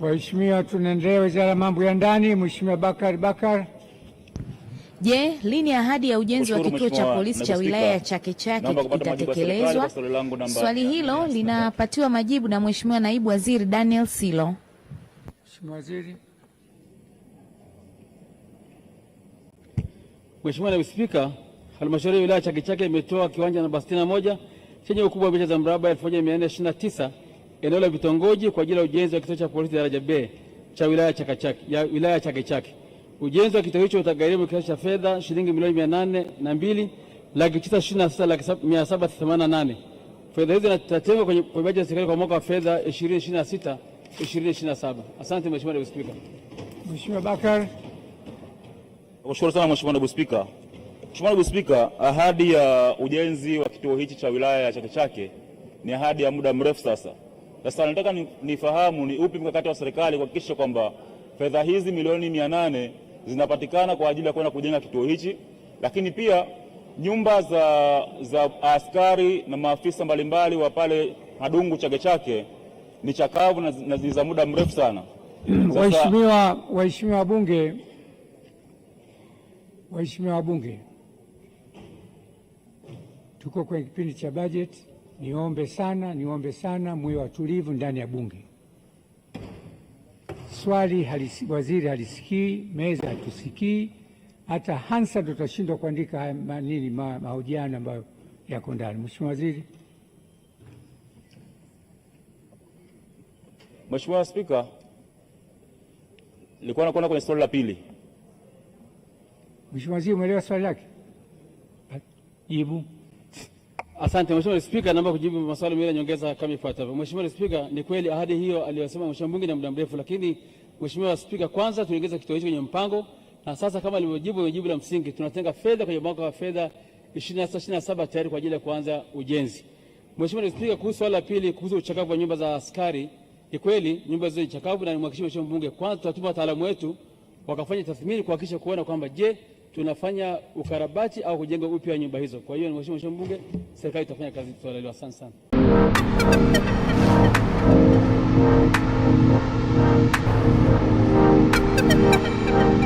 Mheshimiwa, tunaendelea Wizara ya Mambo ya Ndani, Mheshimiwa Bakari Bakar. Je, lini ahadi ya ujenzi wa kituo cha polisi cha wilaya ya Chake Chake itatekelezwa? Swali hilo linapatiwa majibu na Mheshimiwa Naibu Waziri Daniel Silo. Mheshimiwa Waziri. Mheshimiwa Naibu Spika, halmashauri ya wilaya Chake Chake imetoa kiwanja namba 61 chenye ukubwa wa mita za mraba 1429 eneo la vitongoji kwa ajili ya ujenzi wa kituo cha polisi daraja B cha wilaya Chake Chake ya wilaya Chake Chake. Ujenzi wa kituo hicho utagharimu kiasi cha fedha shilingi milioni 802 laki tisa na laki saba Fedha hizi zitatengwa kwenye bajeti ya serikali kwa mwaka wa fedha 2026 2027. Asante Mheshimiwa Naibu Spika. Mheshimiwa Bakar Kushukuru sana Mheshimiwa Naibu Spika. Mheshimiwa Naibu Spika, ahadi ya ujenzi wa kituo hichi cha wilaya ya Chake Chake ni ahadi ya muda mrefu sasa. Sasa nataka nifahamu ni upi mkakati wa serikali kuhakikisha kwamba fedha hizi milioni mia nane zinapatikana kwa ajili ya kwenda kujenga kituo hichi, lakini pia nyumba za, za askari na maafisa mbalimbali wa pale madungu Chake Chake ni chakavu na, ni za muda mrefu sana. Waheshimiwa wabunge Waheshimiwa wabunge, tuko kwenye kipindi cha bajeti. Niombe sana, niombe sana muwe watulivu ndani ya bunge. Swali halisi, waziri halisikii, meza hatusikii, hata Hansa ndo tutashindwa kuandika nini ma, mahojiano ambayo yako ndani. Mheshimiwa Waziri. Mheshimiwa Spika, nilikuwa nakwenda kwenye swali la pili. Mheshimiwa Waziri, umeelewa swali lake? Jibu. Asante Mheshimiwa Spika, naomba kujibu maswali mawili nyongeza kama ifuatavyo. Mheshimiwa Spika, ni kweli ahadi hiyo aliyosema Mheshimiwa Mbunge ni muda mrefu, lakini Mheshimiwa Spika, kwanza tuliongeza kituo hicho kwenye mpango na sasa kama alivyojibu kwenye jibu la msingi tunatenga fedha kwenye mwaka wa fedha 26/27 tayari kwa ajili ya kuanza ujenzi. Mheshimiwa Spika, kuhusu swali la pili kuhusu uchakavu wa nyumba za askari, ni kweli nyumba hizo ni chakavu na nimhakikishie Mheshimiwa Mbunge, kwanza tutatuma wataalamu wetu wakafanya tathmini kuhakikisha kuona kwamba je, tunafanya ukarabati au kujenga upya nyumba hizo. Kwa hiyo, Mheshimiwa Mbunge, serikali itafanya kazi swala hilo. Asante sana.